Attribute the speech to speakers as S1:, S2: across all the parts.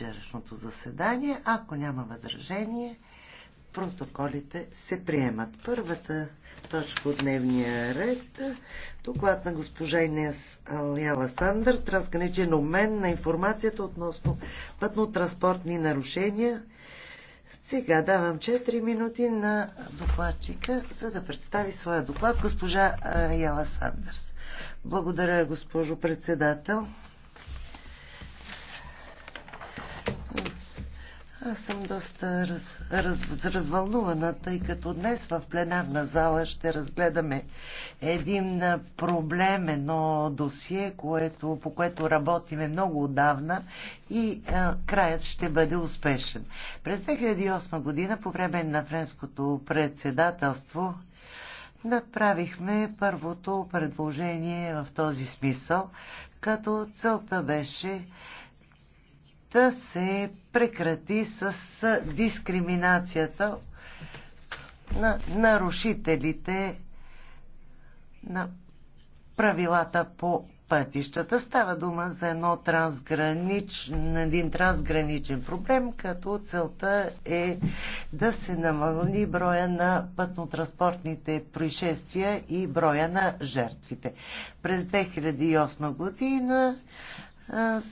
S1: вчерашното заседание. Ако няма възражение, протоколите се приемат. Първата точка от дневния ред доклад на госпожа Инес Аляла Сандър, трансграничен обмен на информацията относно пътно-транспортни нарушения. Сега давам 4 минути на докладчика, за да представи своя доклад госпожа Яла Сандърс. Благодаря, госпожо председател. Аз съм доста раз, раз, развълнувана, тъй като днес в пленарна зала ще разгледаме един проблем, едно досие, което, по което работиме много отдавна и а, краят ще бъде успешен. През 2008 година, по време на френското председателство, направихме първото предложение в този смисъл, като целта беше да се прекрати с дискриминацията на нарушителите на правилата по пътищата. Става дума за едно трансграничен, един трансграничен проблем, като целта е да се намали броя на пътно-транспортните происшествия и броя на жертвите. През 2008 година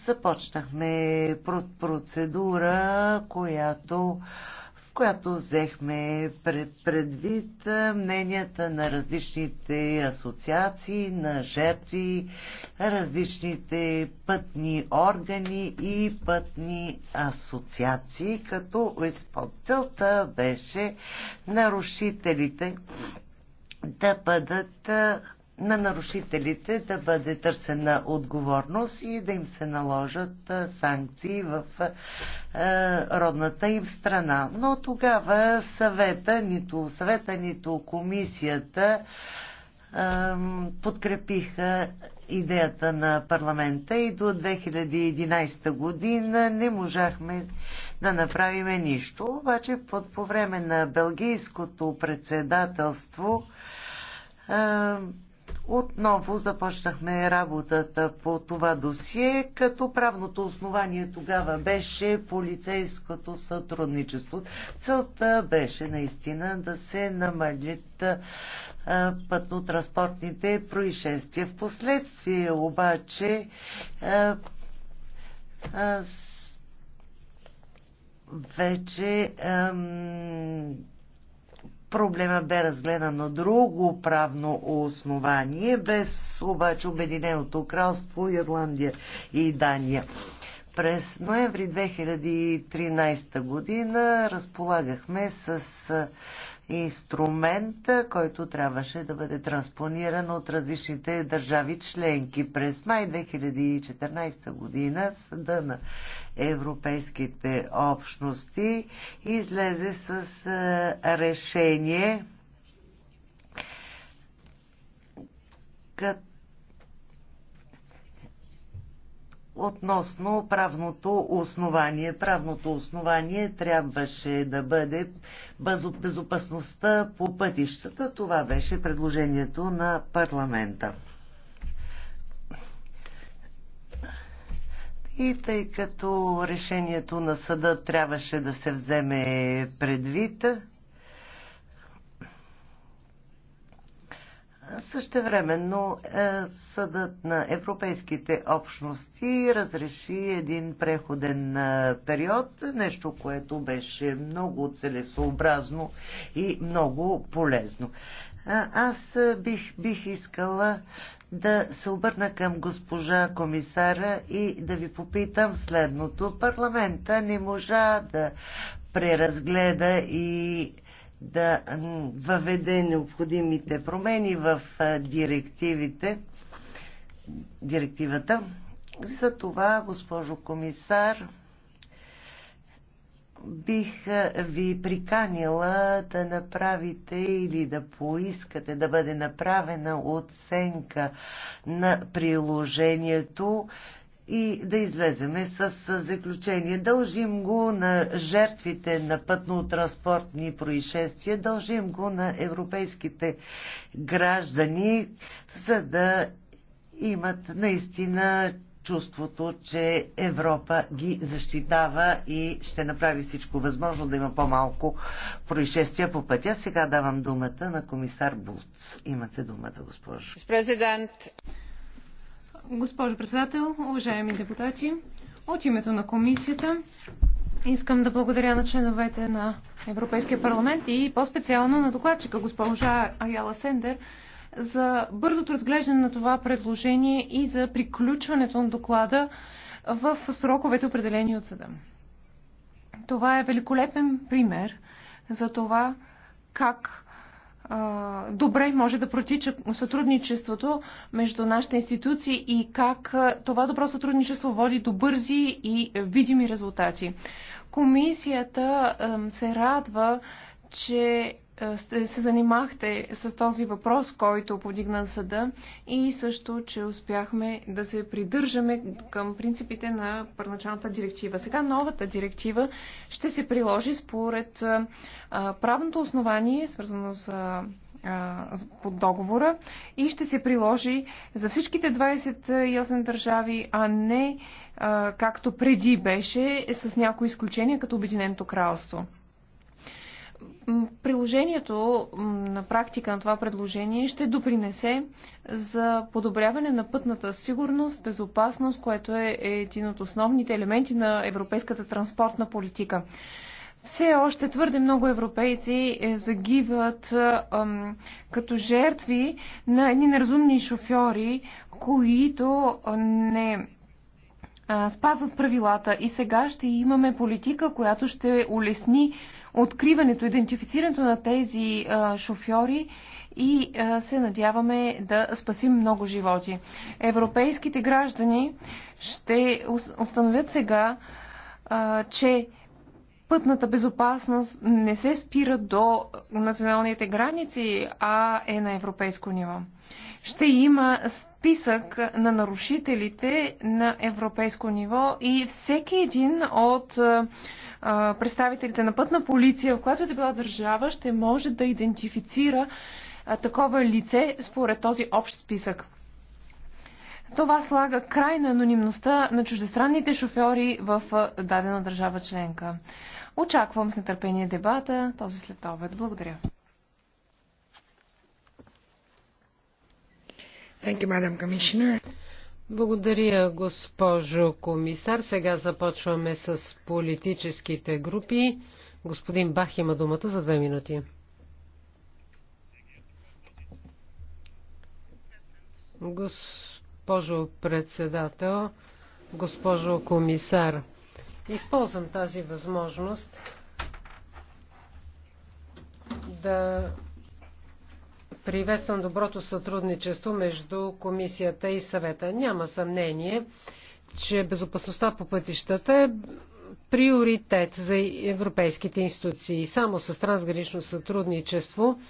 S1: започнахме процедура, която която взехме предвид мненията на различните асоциации, на жертви, различните пътни органи и пътни асоциации, като целта беше нарушителите да бъдат на нарушителите да бъде търсена отговорност и да им се наложат санкции в родната им страна. Но тогава съвета, нито съвета, нито комисията подкрепиха идеята на парламента и до 2011 година не можахме да направиме нищо. Обаче под, по време на белгийското председателство отново започнахме работата по това досие, като правното основание тогава беше полицейското сътрудничество. Целта беше наистина да се намалят пътно-транспортните происшествия. Впоследствие обаче а, а, вече проблема бе на друго правно основание, без обаче Обединеното кралство, Ирландия и Дания. През ноември 2013 година разполагахме с инструмент, който трябваше да бъде транспониран от различните държави членки. През май 2014 година Съда на Европейските общности излезе с е, решение, като относно правното основание. Правното основание трябваше да бъде безопасността по пътищата. Това беше предложението на парламента. И тъй като решението на съда трябваше да се вземе предвид, Същевременно е, съдът на европейските общности разреши един преходен е, период, нещо, което беше много целесообразно и много полезно. Е, аз бих, бих искала да се обърна към госпожа комисара и да ви попитам следното. Парламента не можа да преразгледа и да въведе необходимите промени в директивите, директивата. За това, госпожо комисар, бих ви приканила да направите или да поискате да бъде направена оценка на приложението и да излеземе с заключение. Дължим го на жертвите на пътно-транспортни происшествия, дължим го на европейските граждани, за да имат наистина чувството, че Европа ги защитава и ще направи всичко възможно да има по-малко происшествия по пътя. Сега давам думата на комисар Булц. Имате думата, госпожо.
S2: Президент. Госпожо председател, уважаеми депутати, от името на комисията искам да благодаря на членовете на Европейския парламент и по-специално на докладчика госпожа Аяла Сендер за бързото разглеждане на това предложение и за приключването на доклада в сроковете определени от съда. Това е великолепен пример за това как добре може да протича сътрудничеството между нашите институции и как това добро сътрудничество води до бързи и видими резултати. Комисията се радва, че е, се занимахте с този въпрос, който подигна съда и също, че успяхме да се придържаме към принципите на първоначалната директива. Сега новата директива ще се приложи според правното основание, свързано с под договора и ще се приложи за всичките 28 държави, а не както преди беше с някои изключения, като Обединеното кралство приложението на практика на това предложение ще допринесе за подобряване на пътната сигурност, безопасност, което е, е един от основните елементи на европейската транспортна политика. Все още твърде много европейци е, загиват е, ам, като жертви на едни неразумни шофьори, които не а, спазват правилата. И сега ще имаме политика, която ще улесни откриването, идентифицирането на тези шофьори и се надяваме да спасим много животи. Европейските граждани ще установят сега, че пътната безопасност не се спира до националните граници, а е на европейско ниво ще има списък на нарушителите на европейско ниво и всеки един от представителите на пътна полиция, в която е да била държава, ще може да идентифицира такова лице според този общ списък. Това слага край на анонимността на чуждестранните шофьори в дадена държава членка. Очаквам с нетърпение дебата този след обед. Благодаря.
S3: Благодаря, госпожо комисар. Сега започваме с политическите групи. Господин Бах има думата за две минути. Госпожо председател, госпожо комисар, използвам тази възможност да Приветствам доброто сътрудничество между комисията и съвета. Няма съмнение, че безопасността по пътищата е приоритет за европейските институции. Само с трансгранично сътрудничество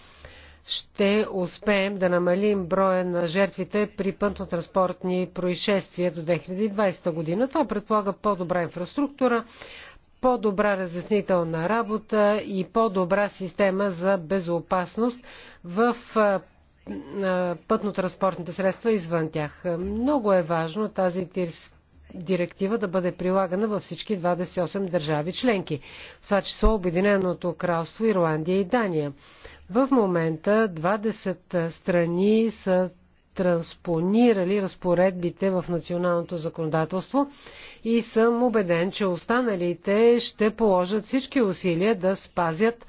S3: ще успеем да намалим броя на жертвите при пътно-транспортни происшествия до 2020 година. Това предполага по-добра инфраструктура, по-добра разяснителна работа и по-добра система за безопасност в пътно-транспортните средства извън тях. Много е важно тази директива да бъде прилагана във всички 28 държави членки, в това число Обединеното кралство, Ирландия и Дания. В момента 20 страни са транспонирали разпоредбите в националното законодателство и съм убеден, че останалите ще положат всички усилия да спазят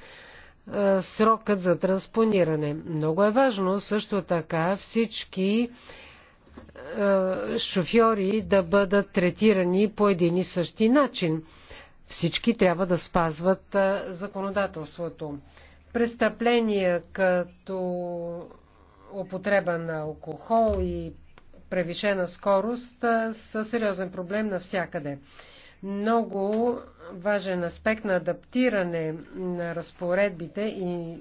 S3: е, срокът за транспониране. Много е важно също така всички е, шофьори да бъдат третирани по един и същи начин. Всички трябва да спазват е, законодателството. Престъпления като употреба на алкохол и превишена скорост са сериозен проблем навсякъде. Много важен аспект на адаптиране на разпоредбите и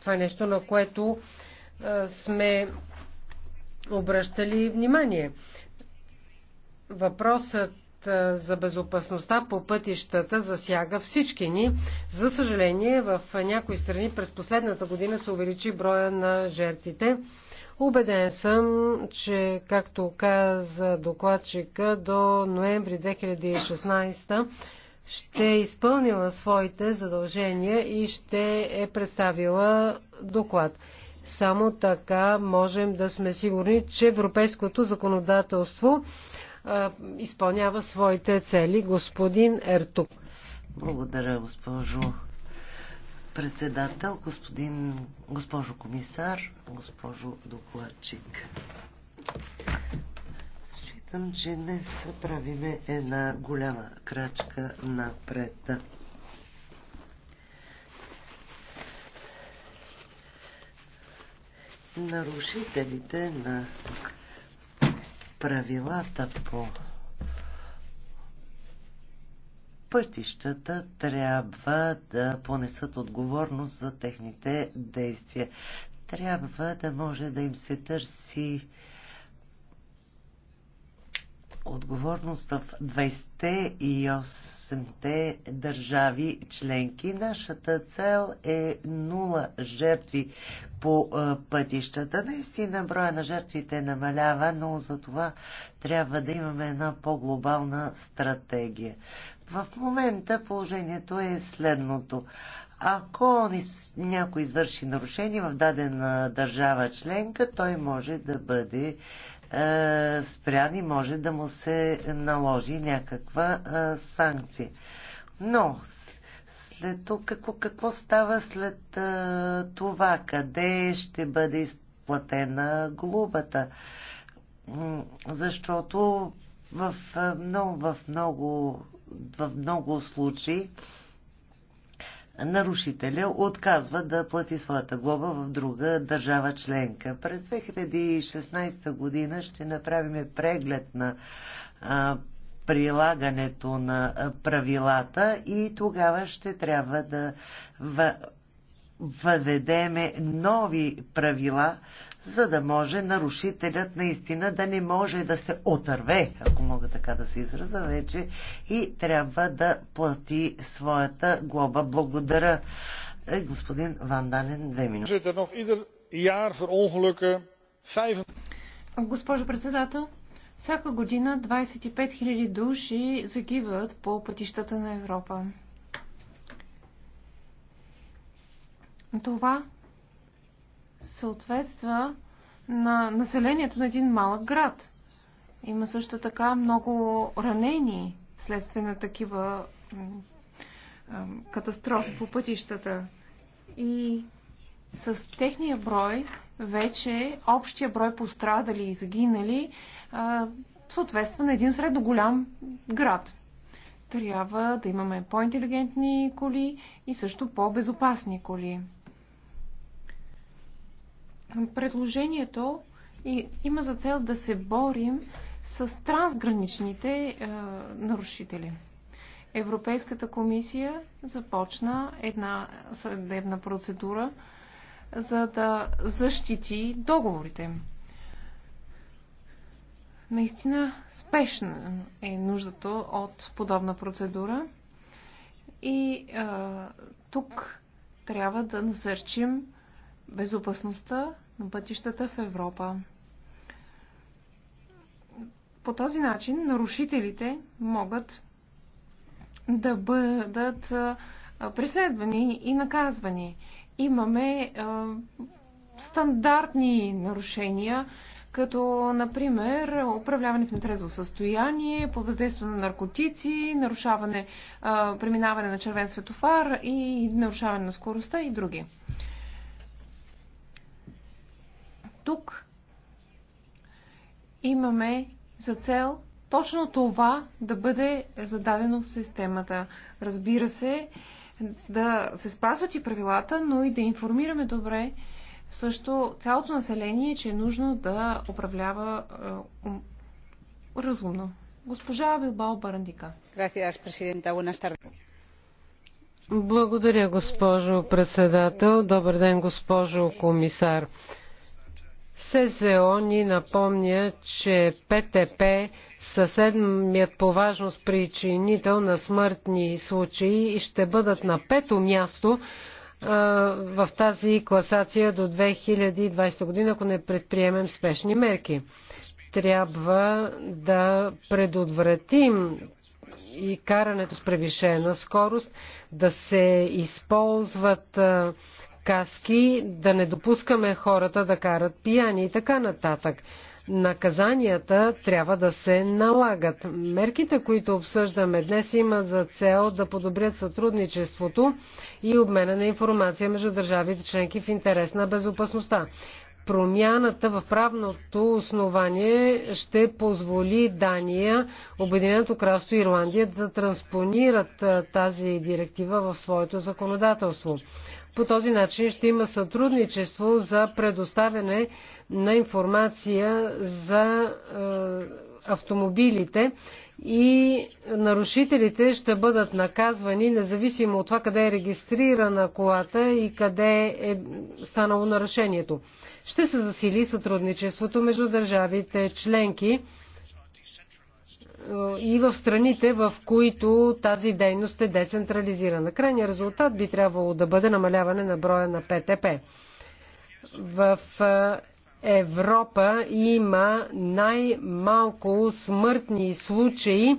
S3: това е нещо, на което сме обръщали внимание. Въпросът за безопасността по пътищата засяга всички ни. За съжаление, в някои страни през последната година се увеличи броя на жертвите. Убеден съм, че, както каза докладчика, до ноември 2016 ще е изпълнила своите задължения и ще е представила доклад. Само така можем да сме сигурни, че европейското законодателство изпълнява своите цели. Господин
S1: Ертук. Благодаря, госпожо председател, господин, госпожо комисар, госпожо докладчик. Считам, че днес правиме една голяма крачка напред. Нарушителите на правилата по пътищата трябва да понесат отговорност за техните действия. Трябва да може да им се търси отговорност в 28-те държави членки. Нашата цел е нула жертви по пътищата. Наистина броя на жертвите намалява, но за това трябва да имаме една по-глобална стратегия. В момента положението е следното. Ако някой извърши нарушение в дадена държава членка, той може да бъде е, спрян и може да му се наложи някаква е, санкция. Но след какво, какво става след е, това? Къде ще бъде изплатена глубата? Защото в много, в много, в много случаи нарушителя отказва да плати своята глоба в друга държава членка. През 2016 година ще направим преглед на прилагането на правилата и тогава ще трябва да въведеме нови правила за да може нарушителят наистина да не може да се отърве, ако мога така да се израза вече, и трябва да плати своята глоба. Благодаря. Е, господин Вандален, две минути. Госпожо
S2: председател, всяка година 25 000 души загиват по пътищата на Европа. Това съответства на населението на един малък град. Има също така много ранени вследствие на такива катастрофи по пътищата. И с техния брой вече общия брой пострадали и загинали съответства на един средно голям град. Трябва да имаме по-интелигентни коли и също по-безопасни коли. Предложението има за цел да се борим с трансграничните е, нарушители. Европейската комисия започна една съдебна процедура, за да защити договорите. Наистина спешна е нуждата от подобна процедура и е, тук трябва да насърчим безопасността на пътищата в Европа. По този начин нарушителите могат да бъдат преследвани и наказвани. Имаме а, стандартни нарушения, като, например, управляване в нетрезво състояние, под въздействие на наркотици, нарушаване, а, преминаване на червен светофар и нарушаване на скоростта и други. Тук имаме за цел точно това да бъде зададено в системата. Разбира се, да се спазват и правилата, но и да информираме добре също цялото население, че е нужно да управлява е, разумно. Госпожа Билбао Барандика.
S3: Благодаря, госпожо председател. Добър ден, госпожо комисар. СЗО ни напомня, че ПТП са седмият по важност причинител на смъртни случаи и ще бъдат на пето място а, в тази класация до 2020 година, ако не предприемем спешни мерки. Трябва да предотвратим и карането с превишена скорост, да се използват а, каски, да не допускаме хората да карат пияни и така нататък. Наказанията трябва да се налагат. Мерките, които обсъждаме днес, имат за цел да подобрят сътрудничеството и обмена на информация между държавите членки в интерес на безопасността. Промяната в правното основание ще позволи Дания, Обединеното кралство и Ирландия да транспонират тази директива в своето законодателство. По този начин ще има сътрудничество за предоставяне на информация за е, автомобилите и нарушителите ще бъдат наказвани, независимо от това къде е регистрирана колата и къде е станало нарушението. Ще се засили сътрудничеството между държавите членки и в страните, в които тази дейност е децентрализирана. Крайният резултат би трябвало да бъде намаляване на броя на ПТП. В Европа има най-малко смъртни случаи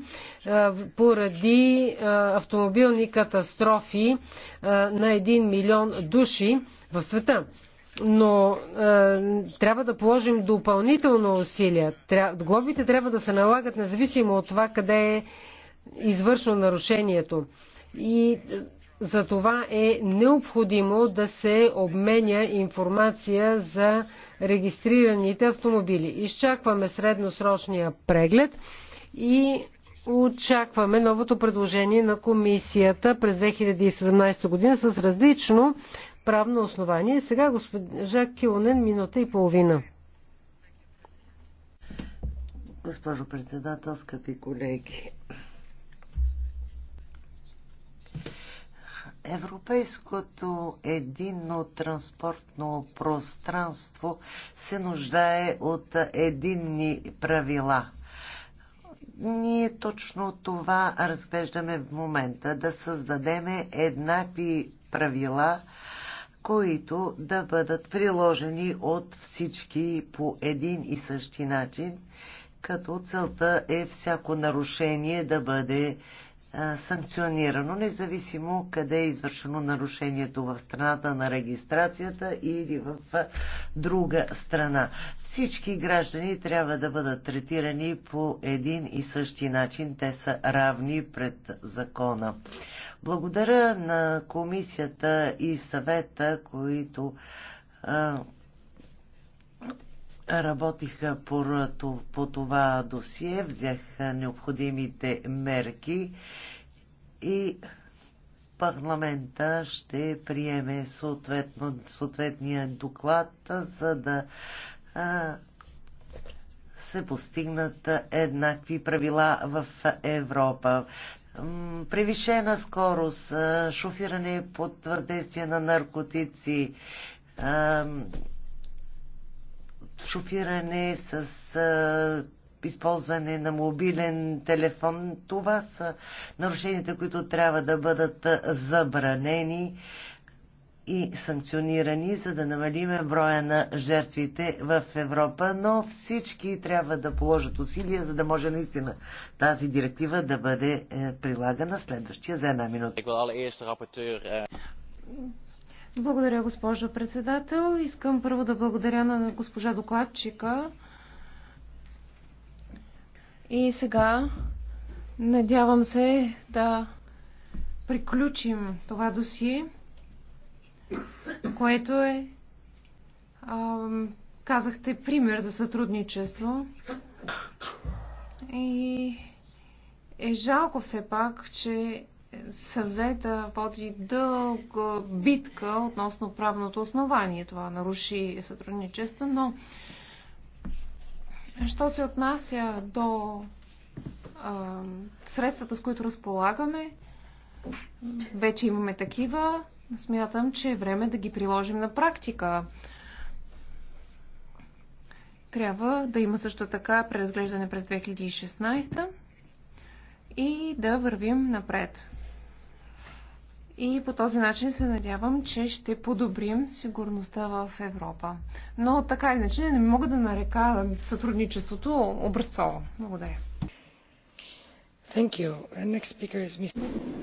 S3: поради автомобилни катастрофи на 1 милион души в света но е, трябва да положим допълнително усилия. Тря... Глобите трябва да се налагат независимо от това къде е извършено нарушението. И е, за това е необходимо да се обменя информация за регистрираните автомобили. Изчакваме средносрочния преглед и очакваме новото предложение на комисията през 2017 година с различно правно основание. Сега госпожа Килонен, минута и половина.
S1: Госпожо председател, скъпи колеги, Европейското единно транспортно пространство се нуждае от единни правила. Ние точно това разглеждаме в момента да създадеме еднакви правила които да бъдат приложени от всички по един и същи начин, като целта е всяко нарушение да бъде санкционирано, независимо къде е извършено нарушението в страната на регистрацията или в друга страна. Всички граждани трябва да бъдат третирани по един и същи начин. Те са равни пред закона. Благодаря на комисията и съвета, които а, работиха по, по това досие, взеха необходимите мерки и парламента ще приеме съответно, съответния доклад, за да а, се постигнат еднакви правила в Европа превишена скорост, шофиране под въздействие на наркотици, шофиране с използване на мобилен телефон. Това са нарушенията, които трябва да бъдат забранени и санкционирани, за да намалиме броя на жертвите в Европа, но всички трябва да положат усилия, за да може наистина тази директива да бъде е, прилагана следващия за една минута. Благодаря, госпожо
S2: председател. Искам първо да благодаря на госпожа докладчика. И сега надявам се да приключим това досие което е, а, казахте, пример за сътрудничество. И е жалко все пак, че съвета води дълга битка относно правното основание. Това наруши сътрудничество, но що се отнася до а, средствата, с които разполагаме, вече имаме такива, Смятам, че е време да ги приложим на практика. Трябва да има също така преразглеждане през 2016 и да вървим напред. И по този начин се надявам, че ще подобрим сигурността в Европа. Но така или иначе не мога да нарека сътрудничеството образцово. Благодаря.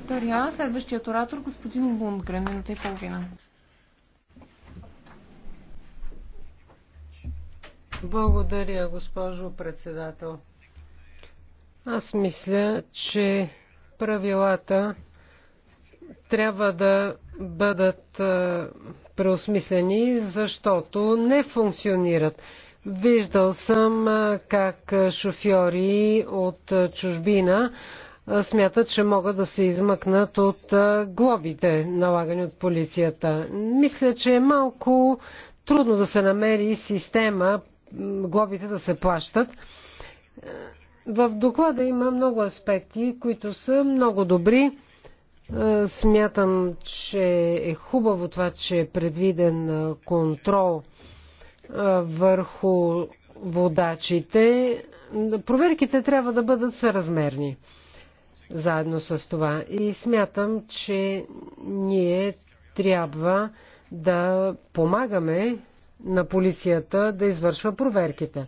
S2: Благодаря. Следващият оратор, господин Лундгрен, минута и половина.
S3: Благодаря, госпожо председател. Аз мисля, че правилата трябва да бъдат преосмислени, защото не функционират. Виждал съм как шофьори от чужбина смятат, че могат да се измъкнат от глобите, налагани от полицията. Мисля, че е малко трудно да се намери система глобите да се плащат. В доклада има много аспекти, които са много добри. Смятам, че е хубаво това, че е предвиден контрол – върху водачите, проверките трябва да бъдат съразмерни заедно с това. И смятам, че ние трябва да помагаме на полицията да извършва проверките.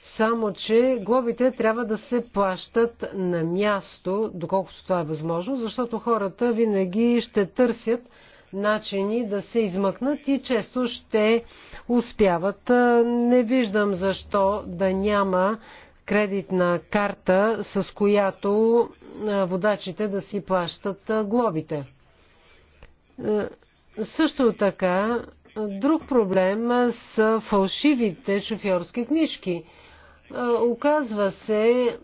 S3: Само, че глобите трябва да се плащат на място, доколкото това е възможно, защото хората винаги ще търсят начини да се измъкнат и често ще успяват. Не виждам защо да няма кредитна карта, с която водачите да си плащат глобите. Също така, друг проблем са фалшивите шофьорски книжки. Оказва се,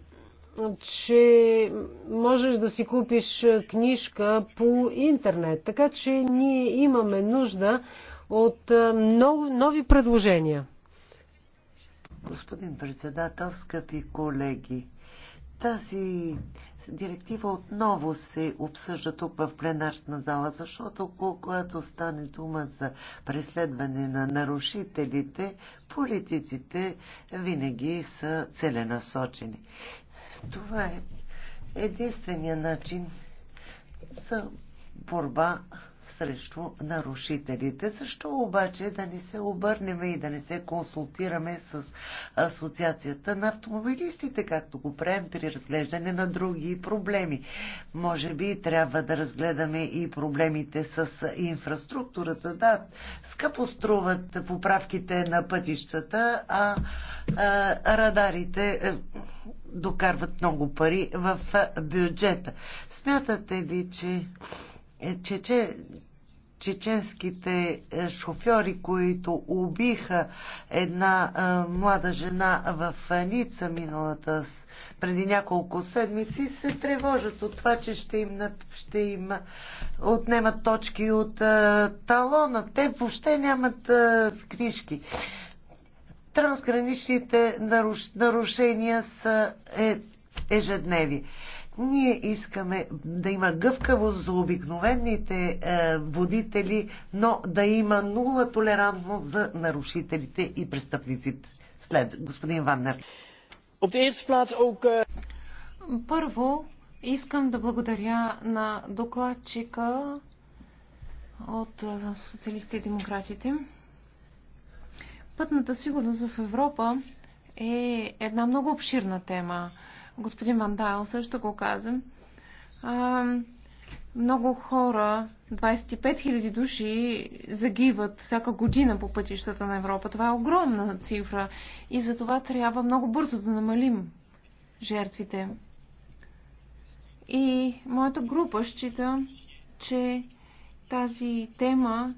S3: че можеш да си купиш книжка по интернет. Така че ние имаме нужда
S1: от много нови предложения. Господин председател, скъпи колеги, тази директива отново се обсъжда тук в пленарна зала, защото когато стане дума за преследване на нарушителите, политиците винаги са целенасочени. Това е единствения начин за борба срещу нарушителите. Защо обаче да не се обърнем и да не се консултираме с Асоциацията на автомобилистите, както го правим при разглеждане на други проблеми? Може би трябва да разгледаме и проблемите с инфраструктурата. Да, скъпо струват поправките на пътищата, а, а радарите е, докарват много пари в бюджета. Смятате ли, че е, чече, чеченските е, шофьори, които убиха една а, е, млада жена в Ница миналата преди няколко седмици, се тревожат от това, че ще им, ще им отнемат точки от а, талона. Те въобще нямат а, книжки. Трансграничните наруш, нарушения са е, ежедневи. Ние искаме да има гъвкавост за обикновените е, водители, но да има нула толерантност за нарушителите и престъпниците. След господин Ваннер. Е, Първо, искам да благодаря
S2: на докладчика от е, социалистите и демократите. Пътната сигурност в Европа е една много обширна тема господин Вандал също го каза. А, много хора, 25 000 души загиват всяка година по пътищата на Европа. Това е огромна цифра и за това трябва много бързо да намалим жертвите. И моята група счита, че тази тема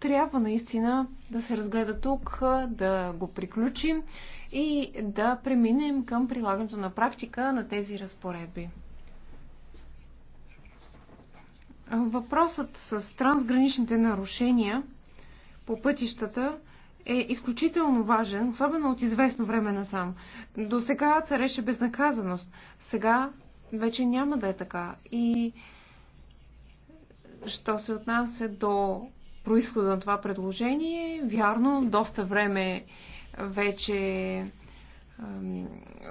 S2: трябва наистина да се разгледа тук, да го приключим и да преминем към прилагането на практика на тези разпоредби. Въпросът с трансграничните нарушения по пътищата е изключително важен, особено от известно време насам. До сега цареше безнаказаност. Сега вече няма да е така. И що се отнася до происхода на това предложение, вярно, доста време вече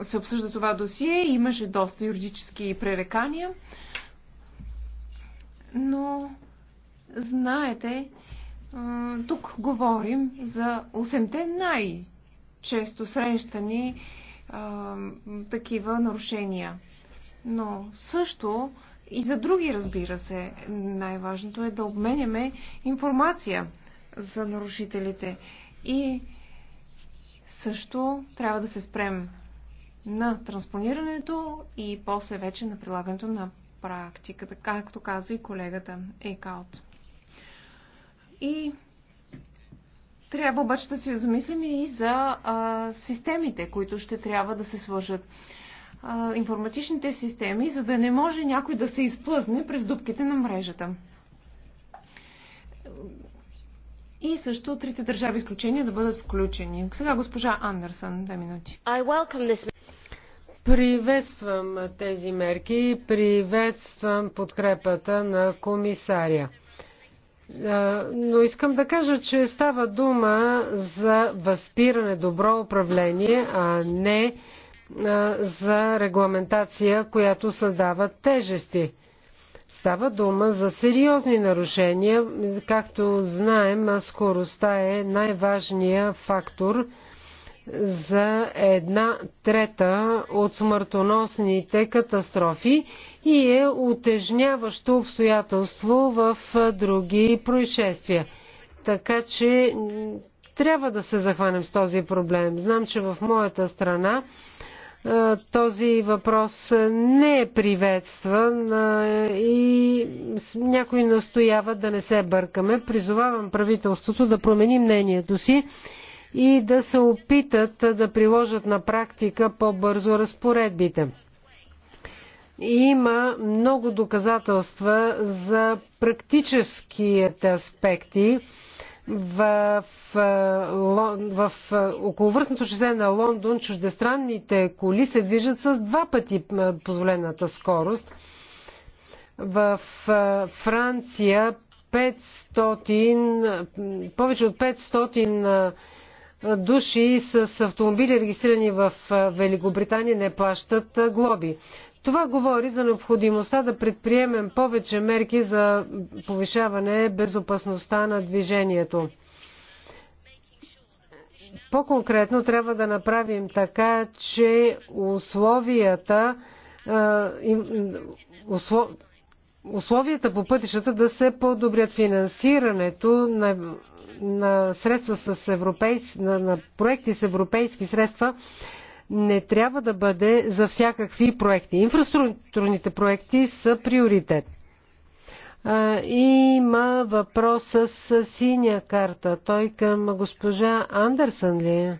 S2: се обсъжда това досие. Имаше доста юридически пререкания. Но, знаете, тук говорим за 8-те най-често срещани такива нарушения. Но също и за други, разбира се, най-важното е да обменяме информация за нарушителите. И също трябва да се спрем на транспонирането и после вече на прилагането на практиката, както каза и колегата Ейкаут. И трябва обаче да си замислим и за а, системите, които ще трябва да се свържат. А, информатичните системи, за да не може някой да се изплъзне през дупките на мрежата. и също трите държави изключения да бъдат включени. Сега госпожа Андерсън, две минути.
S3: Приветствам тези мерки, и приветствам подкрепата на комисаря. Но искам да кажа, че става дума за възпиране, добро управление, а не за регламентация, която създава тежести. Става дума за сериозни нарушения. Както знаем, скоростта е най-важният фактор за една трета от смъртоносните катастрофи и е отежняващо обстоятелство в други происшествия. Така че трябва да се захванем с този проблем. Знам, че в моята страна е, този въпрос не е приветстван е, и някои настояват да не се бъркаме. Призовавам правителството да промени мнението си и да се опитат да приложат на практика по-бързо разпоредбите. Има много доказателства за практическите аспекти в, в, в околовръстното шосе на Лондон чуждестранните коли се движат с два пъти позволената скорост. В Франция 500, повече от 500 души с автомобили регистрирани в Великобритания не плащат глоби. Това говори за необходимостта да предприемем повече мерки за повишаване безопасността на движението. По-конкретно трябва да направим така, че условията, условията по пътищата да се подобрят финансирането на, на средства с европейски, на, на проекти с европейски средства не трябва да бъде за всякакви проекти. Инфраструктурните проекти са приоритет. Има въпрос с синя карта. Той към госпожа Андерсън ли е?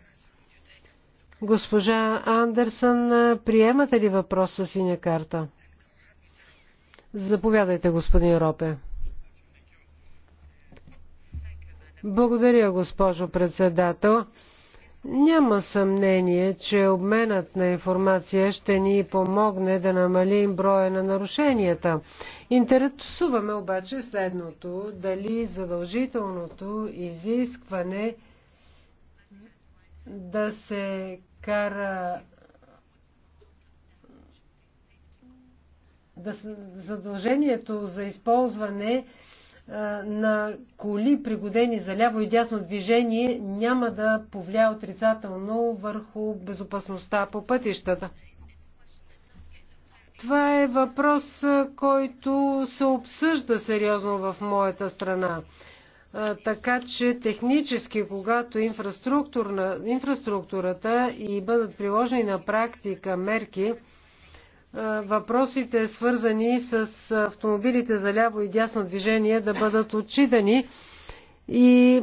S3: Госпожа Андерсън, приемате ли въпрос с синя карта? Заповядайте, господин Ропе. Благодаря, госпожо председател. Няма съмнение, че обменът на информация ще ни помогне да намалим броя на нарушенията. Интересуваме обаче следното, дали задължителното изискване да се кара да задължението за използване на коли, пригодени за ляво и дясно движение, няма да повлия отрицателно върху безопасността по пътищата. Това е въпрос, който се обсъжда сериозно в моята страна. Така че технически, когато инфраструктурата и бъдат приложени на практика мерки, е, въпросите, свързани с автомобилите за ляво и дясно движение, да бъдат отчитани и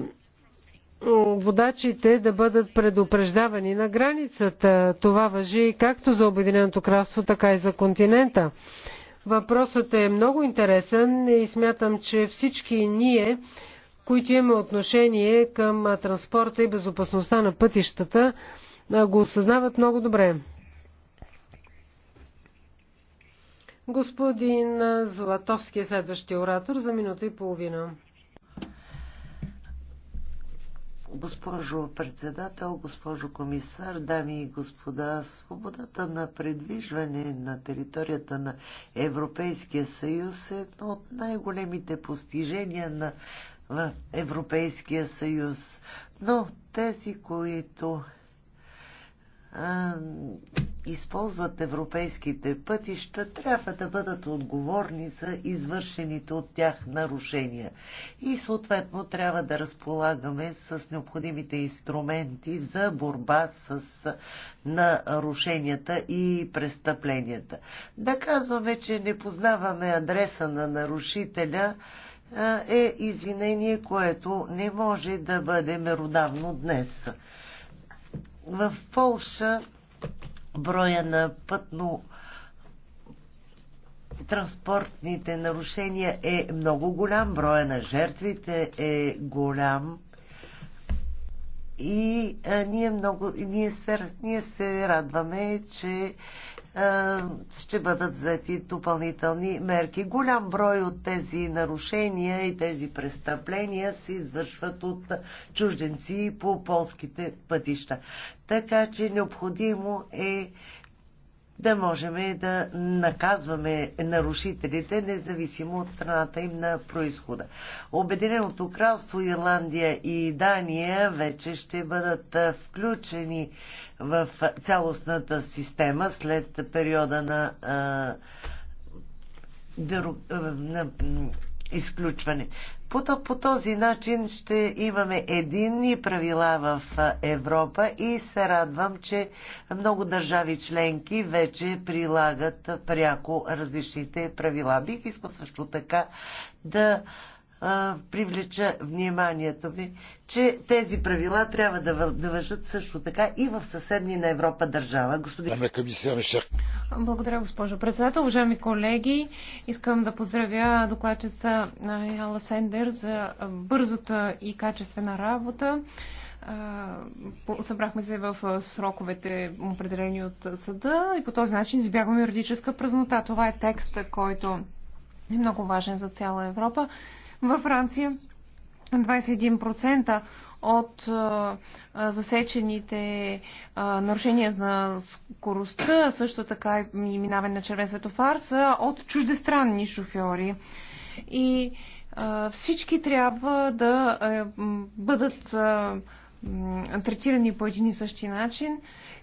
S3: водачите да бъдат предупреждавани на границата. Това въжи както за Обединеното кралство, така и за континента. Въпросът е много интересен и смятам, че всички ние, които имаме отношение към транспорта и безопасността на пътищата, го осъзнават много добре. Господин Златовски е следващия оратор за минута и половина.
S1: Госпожо председател, госпожо комисар, дами и господа, свободата на предвижване на територията на Европейския съюз е едно от най-големите постижения на в Европейския съюз. Но тези, които а, използват европейските пътища, трябва да бъдат отговорни за извършените от тях нарушения. И съответно трябва да разполагаме с необходимите инструменти за борба с нарушенията и престъпленията. Да казваме, че не познаваме адреса на нарушителя, е извинение, което не може да бъде меродавно днес. В Полша броя на пътно транспортните нарушения е много голям, броя на жертвите е голям и а, ние много ние се, ние се радваме, че е, ще бъдат взети допълнителни мерки. Голям брой от тези нарушения и тези престъпления се извършват от чужденци по полските пътища. Така че необходимо е да можем да наказваме нарушителите, независимо от страната им на происхода. Обединеното кралство Ирландия и Дания вече ще бъдат включени в цялостната система след периода на, на изключване. По, по този начин ще имаме единни правила в Европа и се радвам, че много държави членки вече прилагат пряко различните правила. Бих искал също така да а, привлеча вниманието ви, че тези правила трябва да, да въжат също така и в съседни на Европа държава. Господин...
S2: Благодаря, госпожо председател. Уважаеми колеги, искам да поздравя докладчеца Яла Сендер за бързата и качествена работа. Събрахме се в сроковете, определени от съда, и по този начин избягваме юридическа празнота. Това е текст, който е много важен за цяла Европа. Във Франция 21% от засечените нарушения на скоростта, също така и минаване на червен светофар, са от чуждестранни шофьори. И всички трябва да бъдат третирани по един и същи начин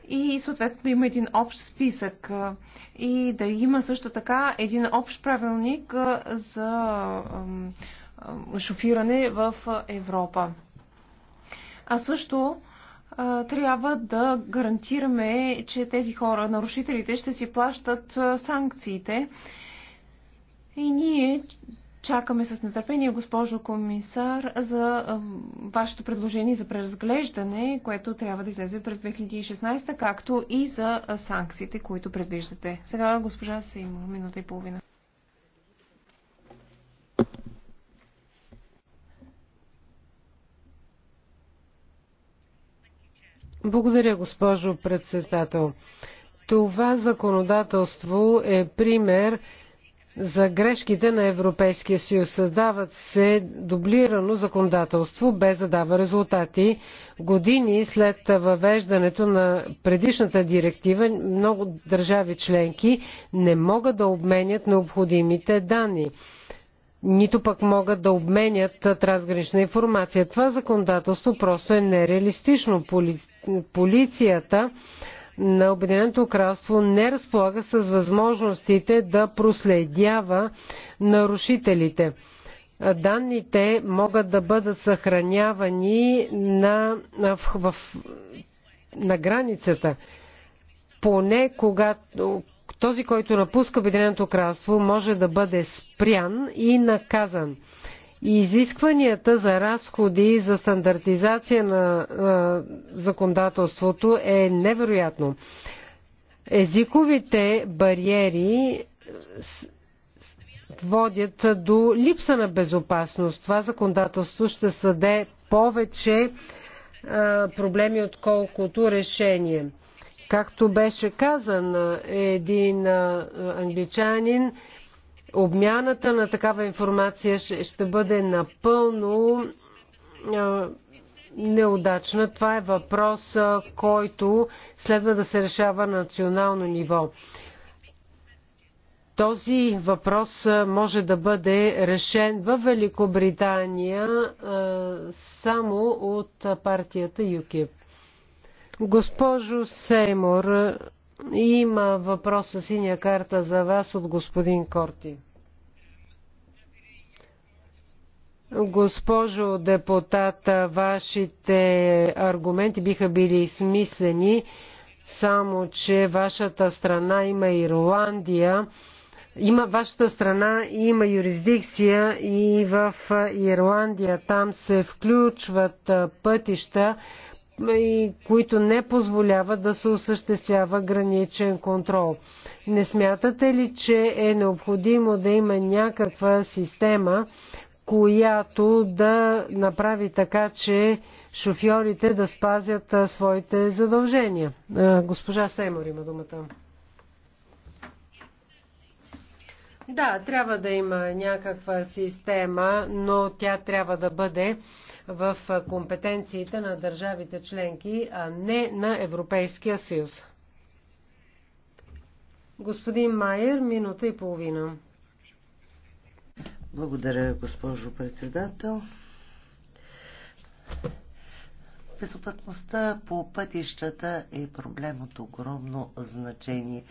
S2: и съответно да има един общ списък и да има също така един общ правилник за шофиране в Европа. А също трябва да гарантираме, че тези хора, нарушителите, ще си плащат санкциите. И ние чакаме с нетърпение, госпожо комисар, за вашето предложение за преразглеждане, което трябва да излезе през 2016, както и за санкциите, които предвиждате. Сега госпожа Сеймур, минута и половина.
S3: Благодаря, госпожо председател. Това законодателство е пример за грешките на Европейския съюз. Създават се дублирано законодателство без да дава резултати. Години след въвеждането на предишната директива много държави членки не могат да обменят необходимите данни нито пък могат да обменят трансгранична информация. Това законодателство просто е нереалистично полицията на Обединеното кралство не разполага с възможностите да проследява нарушителите. Данните могат да бъдат съхранявани на, в, в, на границата. Поне когато този, който напуска Обединеното кралство, може да бъде спрян и наказан и изискванията за разходи за стандартизация на а, законодателството е невероятно. Езиковите бариери водят до липса на безопасност. Това законодателство ще съде повече а, проблеми, отколкото решение. Както беше казан един англичанин, Обмяната на такава информация ще, бъде напълно неудачна. Това е въпрос, който следва да се решава на национално ниво. Този въпрос може да бъде решен в Великобритания само от партията ЮКИП. Госпожо Сеймор, има въпрос с синя карта за вас от господин Корти. Госпожо депутат, вашите аргументи биха били смислени, само че вашата страна има Ирландия, има, вашата страна има юрисдикция и в Ирландия там се включват пътища, и които не позволяват да се осъществява граничен контрол. Не смятате ли, че е необходимо да има някаква система, която да направи така, че шофьорите да спазят своите задължения? Госпожа Сеймор има думата. Да, трябва да има някаква система, но тя трябва да бъде в компетенциите на държавите членки, а не на Европейския съюз. Господин Майер, минута и половина.
S1: Благодаря, госпожо председател. Безопасността по пътищата е проблем от огромно значение.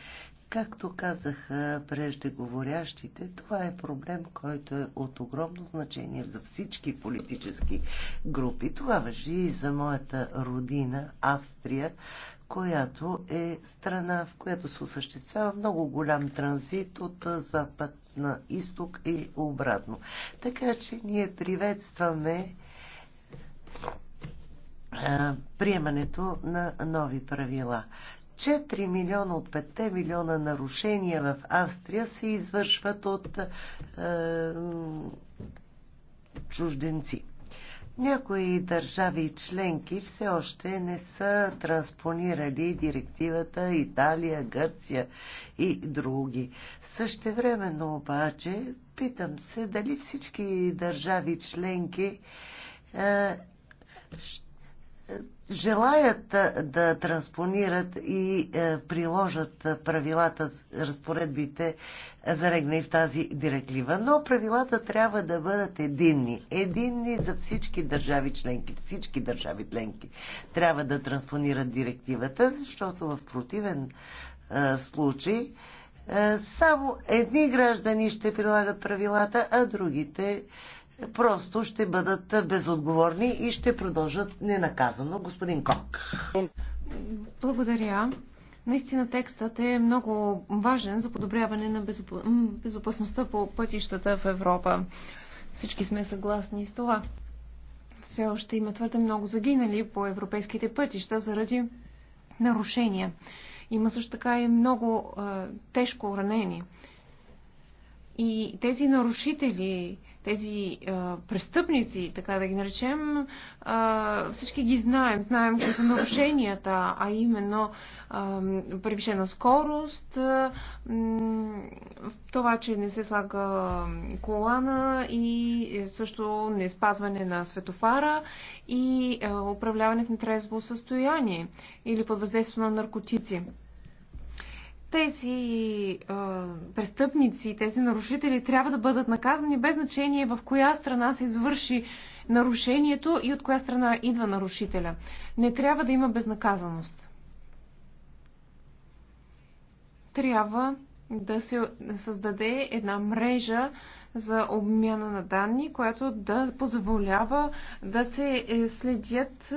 S1: Както казаха преждеговорящите, това е проблем, който е от огромно значение за всички политически групи. Това въжи и за моята родина Австрия, която е страна, в която се осъществява много голям транзит от запад на изток и обратно. Така че ние приветстваме приемането на нови правила. 4 милиона от 5 милиона нарушения в Австрия се извършват от е, чужденци. Някои държави членки все още не са транспонирали директивата Италия, Гърция и други. Същевременно обаче питам се дали всички държави членки е, ще желаят да транспонират и е, приложат правилата, разпоредбите, е, залегнали в тази директива. Но правилата трябва да бъдат единни. Единни за всички държави членки. Всички държави членки трябва да транспонират директивата, защото в противен е, случай само едни граждани ще прилагат правилата, а другите просто ще бъдат безотговорни и ще продължат ненаказано. Господин Кок.
S2: Благодаря. Наистина текстът е много важен за подобряване на безопасността по пътищата в Европа. Всички сме съгласни с това. Все още има твърде много загинали по европейските пътища заради нарушения. Има също така и много а, тежко ранени. И тези нарушители, тези а, престъпници, така да ги наречем, а, всички ги знаем. Знаем кои са нарушенията, а именно а, превишена скорост, а, това, че не се слага колана и също не спазване на светофара и а, управляване на трезво състояние или под въздействието на наркотици тези а, престъпници, тези нарушители трябва да бъдат наказани без значение в коя страна се извърши нарушението и от коя страна идва нарушителя. Не трябва да има безнаказаност. Трябва да се създаде една мрежа за обмяна на данни, която да позволява да се е, следят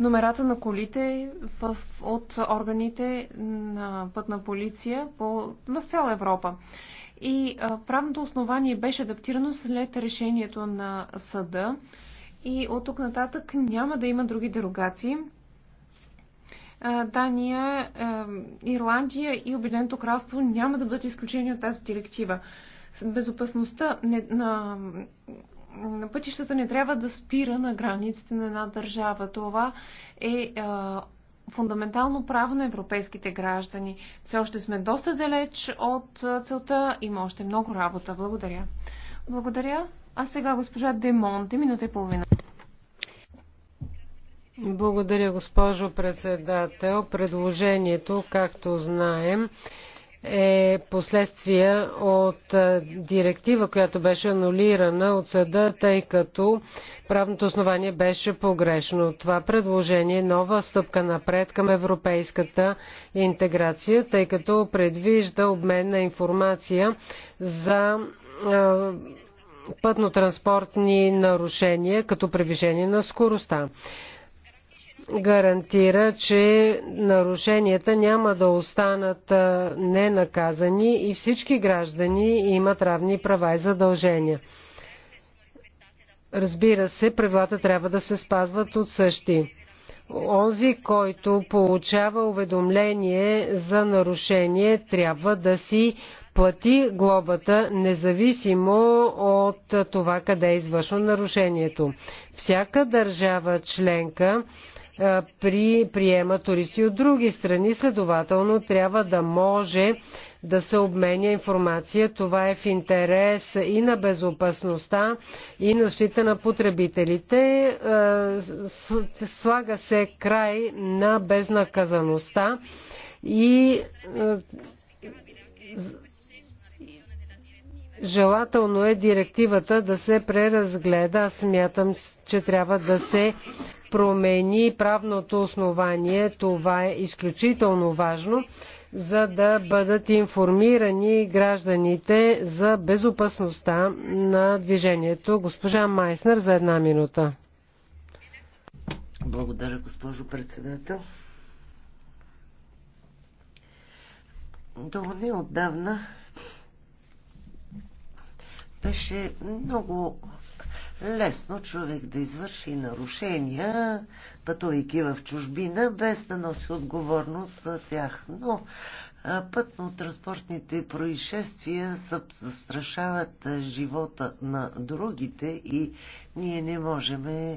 S2: номерата на колите в, от органите на пътна полиция по, в цяла Европа. И а, правното основание беше адаптирано след решението на съда и от тук нататък няма да има други дерогации. Дания, Ирландия и Обединеното кралство няма да бъдат изключени от тази директива. Безопасността на пътищата не трябва да спира на границите на една държава. Това е а, фундаментално право на европейските граждани. Все още сме доста далеч от целта. Има още много работа. Благодаря. Благодаря. А сега госпожа Демонте, минута и половина.
S3: Благодаря, госпожо председател. Предложението, както знаем, е последствие от директива, която беше анулирана от съда, тъй като правното основание беше погрешно. Това предложение е нова стъпка напред към европейската интеграция, тъй като предвижда обмен на информация за пътно-транспортни нарушения като превишение на скоростта гарантира, че нарушенията няма да останат ненаказани и всички граждани имат равни права и задължения. Разбира се, правилата трябва да се спазват от същи. Онзи, който получава уведомление за нарушение, трябва да си плати глобата, независимо от това къде е извършено нарушението. Всяка държава членка при приема туристи от други страни. Следователно трябва да може да се обменя информация. Това е в интерес и на безопасността, и на защита на потребителите. Слага се край на безнаказаността и Желателно е директивата да се преразгледа. Аз смятам, че трябва да се промени правното основание. Това е изключително важно, за да бъдат информирани гражданите за безопасността на движението. Госпожа Майснер за една минута.
S1: Благодаря, госпожо председател. До не отдавна беше много лесно човек да извърши нарушения, пътувайки в чужбина, без да носи отговорност за тях. Но пътно-транспортните происшествия застрашават живота на другите и ние не можем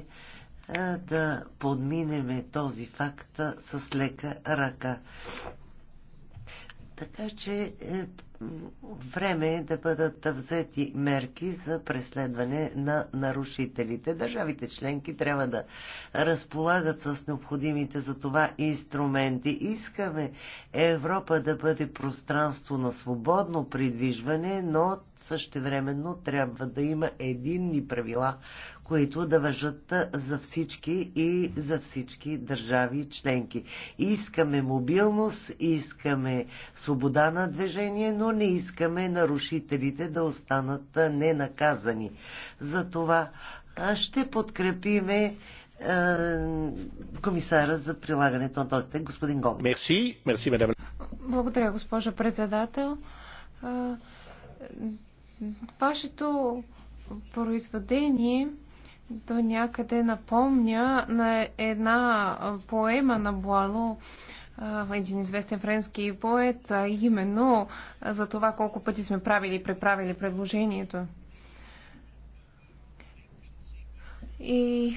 S1: да подминеме този факт с лека ръка. Така че е, време е да бъдат взети мерки за преследване на нарушителите. Държавите членки трябва да разполагат с необходимите за това инструменти. Искаме Европа да бъде пространство на свободно придвижване, но същевременно трябва да има единни правила които да въжат за всички и за всички държави членки. Искаме мобилност, искаме свобода на движение, но не искаме нарушителите да останат ненаказани. Затова ще подкрепиме комисара за прилагането на този текст, господин Гол. Мерси, мерси, мадам.
S2: Благодаря, госпожа председател. Вашето произведение до някъде напомня на една поема на Буало, един известен френски поет, именно за това колко пъти сме правили и преправили предложението. И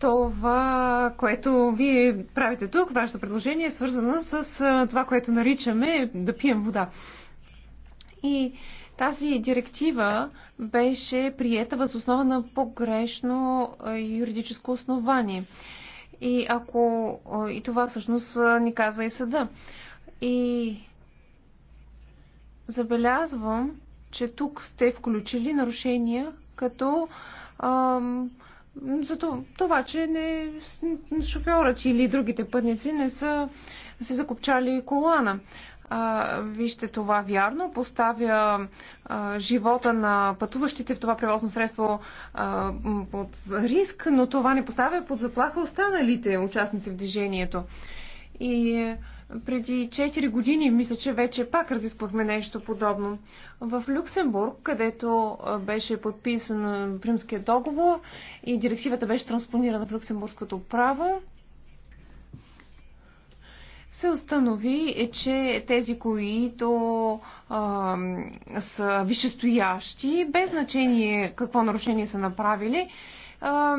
S2: това, което вие правите тук, вашето предложение е свързано с това, което наричаме да пием вода. И тази директива беше приета въз основа на погрешно юридическо основание. И, ако, и това всъщност ни казва и съда. И забелязвам, че тук сте включили нарушения като ам, за това, че не, шофьорът или другите пътници не са се закопчали колана а, вижте това вярно, поставя а, живота на пътуващите в това превозно средство а, под риск, но това не поставя под заплаха останалите участници в движението. И преди 4 години, мисля, че вече пак разисквахме нещо подобно. В Люксембург, където беше подписан Примския договор и директивата беше транспонирана в люксембургското право, се установи, е, че тези, които а, са висшестоящи, без значение какво нарушение са направили, а,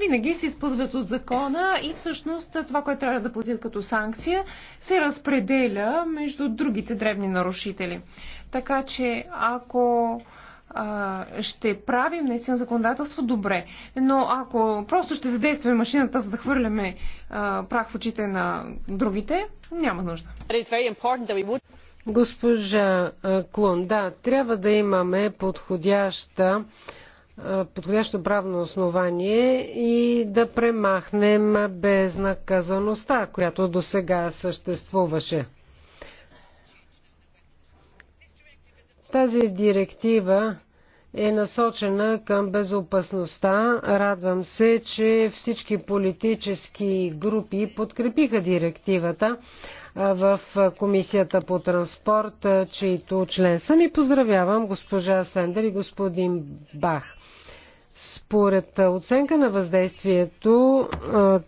S2: винаги се изпълзват от закона и всъщност това, което трябва да платят като санкция, се разпределя между другите древни нарушители. Така че ако а, ще правим наистина законодателство, добре. Но ако просто ще задействаме машината, за да хвърляме а, прах в очите на другите, няма нужда. Госпожа Клон, да,
S3: трябва да имаме подходяща подходящо правно основание и да премахнем безнаказаността, която до сега съществуваше. Тази директива е насочена към безопасността. Радвам се, че всички политически групи подкрепиха директивата в Комисията по транспорт, чието член съм и поздравявам госпожа Сендер и господин Бах. Според оценка на въздействието,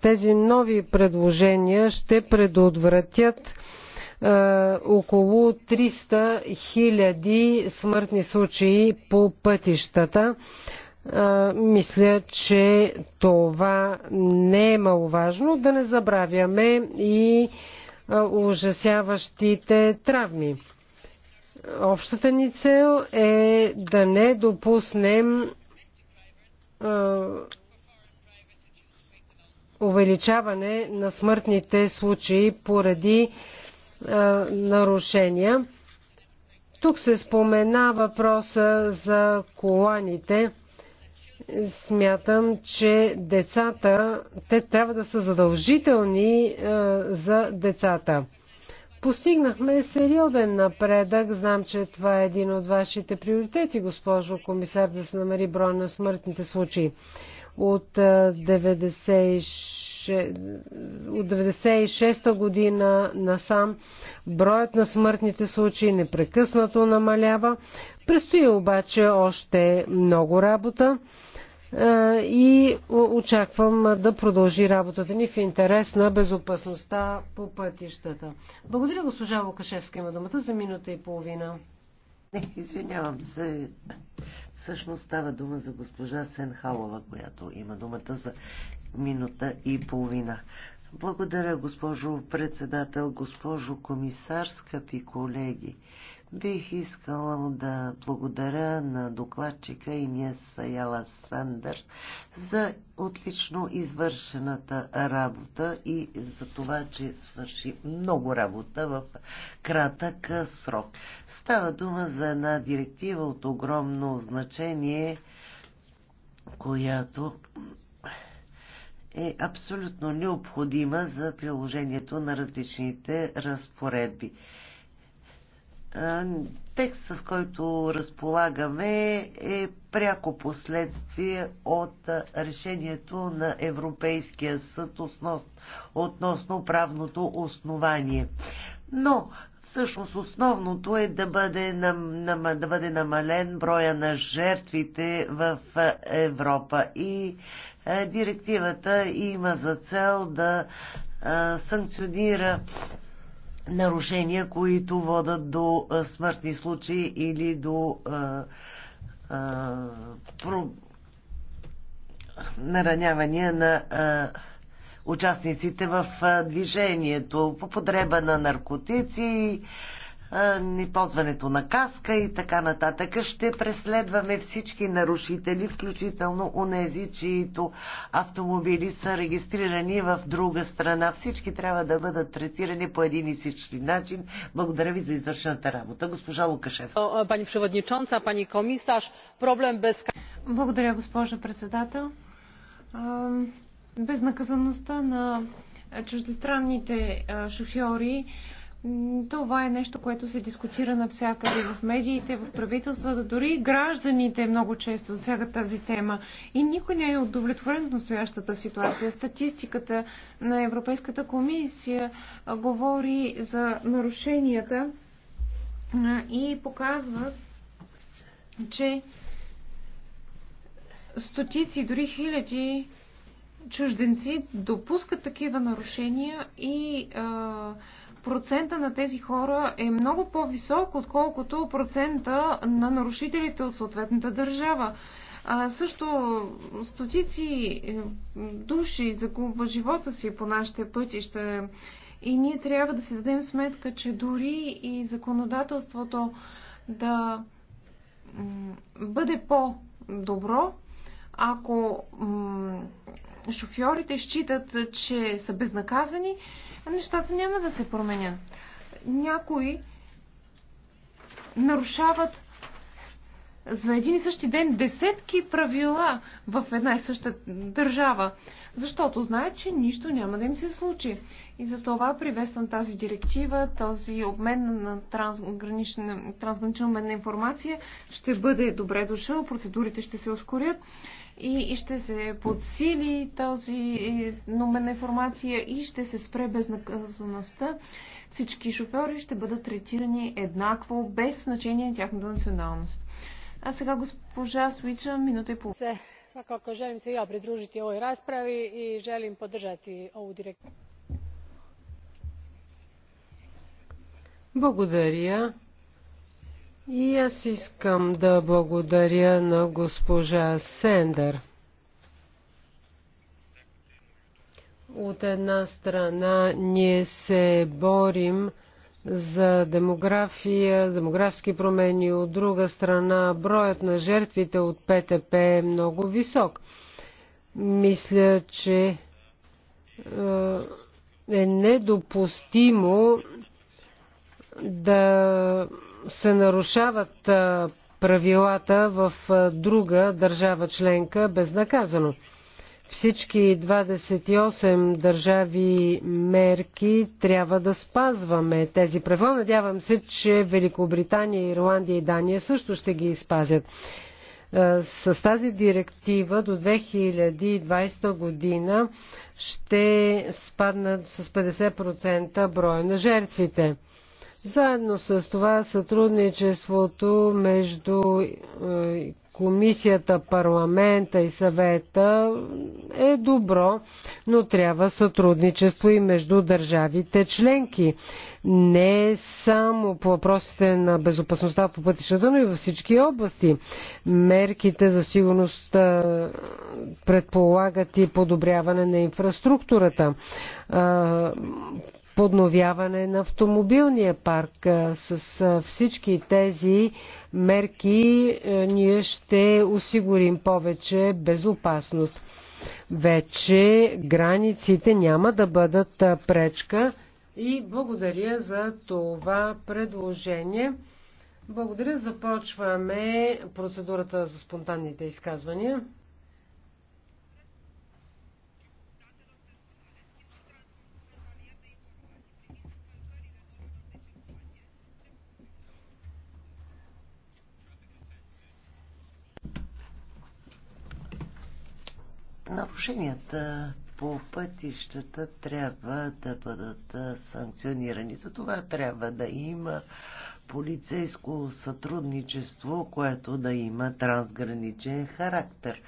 S3: тези нови предложения ще предотвратят е, около 300 хиляди смъртни случаи по пътищата. Е, мисля, че това не е маловажно. Да не забравяме и е, ужасяващите травми. Общата ни цел е да не допуснем увеличаване на смъртните случаи поради е, нарушения. Тук се спомена въпроса за коланите. Смятам, че децата, те трябва да са задължителни е, за децата. Постигнахме сериозен напредък. Знам, че това е един от вашите приоритети, госпожо комисар, да се намери брой на смъртните случаи. От 96 е, от 96-та година насам броят на смъртните случаи непрекъснато намалява. Престои обаче още много работа е, и очаквам да продължи работата ни в интерес на безопасността по пътищата. Благодаря, госпожа Лукашевска. Има думата за минута и половина. Не,
S1: извинявам се. Всъщност става дума за госпожа Сенхалова, която има думата за минута и половина. Благодаря, госпожо председател, госпожо комисар, скъпи колеги. Бих искала да благодаря на докладчика ние Саяла Сандър за отлично извършената работа и за това, че свърши много работа в кратък срок. Става дума за една директива от огромно значение, която е абсолютно необходима за приложението на различните разпоредби. Текстът, с който разполагаме, е пряко последствие от решението на Европейския съд относно правното основание. Но Всъщност основното е да бъде, нам, нам, да бъде намален броя на жертвите в Европа и е, директивата има за цел да е, санкционира нарушения, които водат до е, смъртни случаи или до наранявания на участниците в движението по подреба на наркотици, неползването на каска и така нататък. Ще преследваме всички нарушители, включително унези, чието автомобили са регистрирани в друга страна. Всички трябва да бъдат третирани по един и всички начин. Благодаря ви за извършената работа. Госпожа Лукашевска.
S3: Пани
S2: Преводничонца, пани комисаж, проблем без... Благодаря, госпожа председател. Безнаказаността на чуждестранните шофьори това е нещо, което се дискутира навсякъде в медиите, в правителствата, дори и гражданите много често засягат тази тема. И никой не е удовлетворен от настоящата ситуация. Статистиката на Европейската комисия говори за нарушенията и показва, че стотици, дори хиляди чужденци допускат такива нарушения и а, процента на тези хора е много по-висок, отколкото процента на нарушителите от съответната държава. А, също стотици е, души загубват живота си по нашите пътища и ние трябва да си дадем сметка, че дори и законодателството да бъде по-добро, ако шофьорите считат, че са безнаказани, нещата няма да се променят. Някои нарушават за един и същи ден десетки правила в една и съща държава, защото знаят, че нищо няма да им се случи. И за това приветствам тази директива, този обмен на трансграничен обмен на информация ще бъде добре дошъл, процедурите ще се ускорят и и ще се подсили този номен информация и ще се спре безнаказаността. Всички шофьори ще бъдат третирани еднакво, без значение на тяхната националност. А сега госпожа Свича, минута и половина.
S3: Svakako želim se i ja pridružiti ovoj raspravi i želim podržati ovu direktivu. Благодаря. И аз искам да благодаря на госпожа Сендер. От една страна ние се борим за демография, за демографски промени, от друга страна броят на жертвите от ПТП е много висок. Мисля, че е, е недопустимо да се нарушават правилата в друга държава членка безнаказано. Всички 28 държави мерки трябва да спазваме тези правила. Надявам се, че Великобритания, Ирландия и Дания също ще ги спазят. С тази директива до 2020 година ще спаднат с 50% броя на жертвите. Заедно с това сътрудничеството между е, комисията, парламента и съвета е добро, но трябва сътрудничество и между държавите членки. Не само по въпросите на безопасността по пътищата, но и във всички области. Мерките за сигурност е, предполагат и подобряване на инфраструктурата е, подновяване на автомобилния парк. С всички тези мерки ние ще осигурим повече безопасност. Вече границите няма да бъдат пречка и благодаря за това предложение. Благодаря. Започваме процедурата за спонтанните изказвания.
S1: нарушенията по пътищата трябва да бъдат санкционирани. За това трябва да има полицейско сътрудничество, което да има трансграничен характер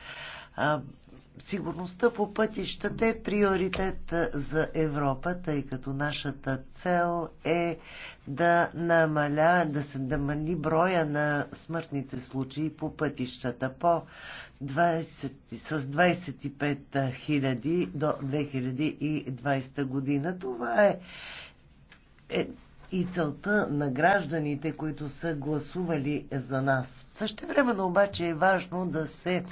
S1: сигурността по пътищата е приоритет за Европа, тъй като нашата цел е да намаля, да се намали броя на смъртните случаи по пътищата по 20, с 25 000 до 2020 година. Това е, е и целта на гражданите, които са гласували за нас. Също времено обаче е важно да се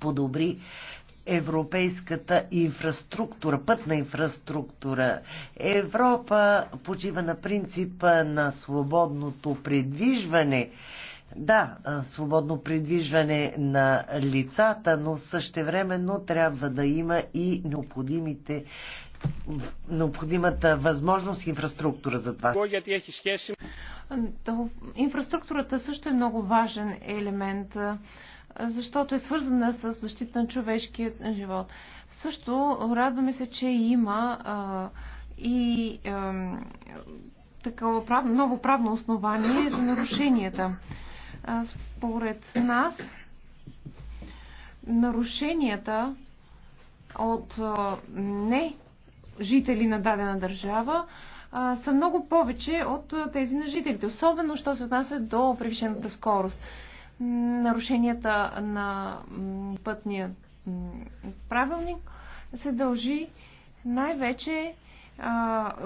S1: подобри европейската инфраструктура, пътна инфраструктура. Европа почива на принципа на свободното придвижване. Да, свободно придвижване на лицата, но същевременно трябва да има и необходимите необходимата възможност инфраструктура за това.
S2: Инфраструктурата също е много важен елемент защото е свързана с защита на човешкия живот. Също радваме се, че има а, и а, такова прав, ново правно основание за нарушенията. А, според нас, нарушенията от а, не жители на дадена държава а, са много повече от тези на жителите, особено що се отнася до превишената скорост нарушенията на пътния правилник се дължи най-вече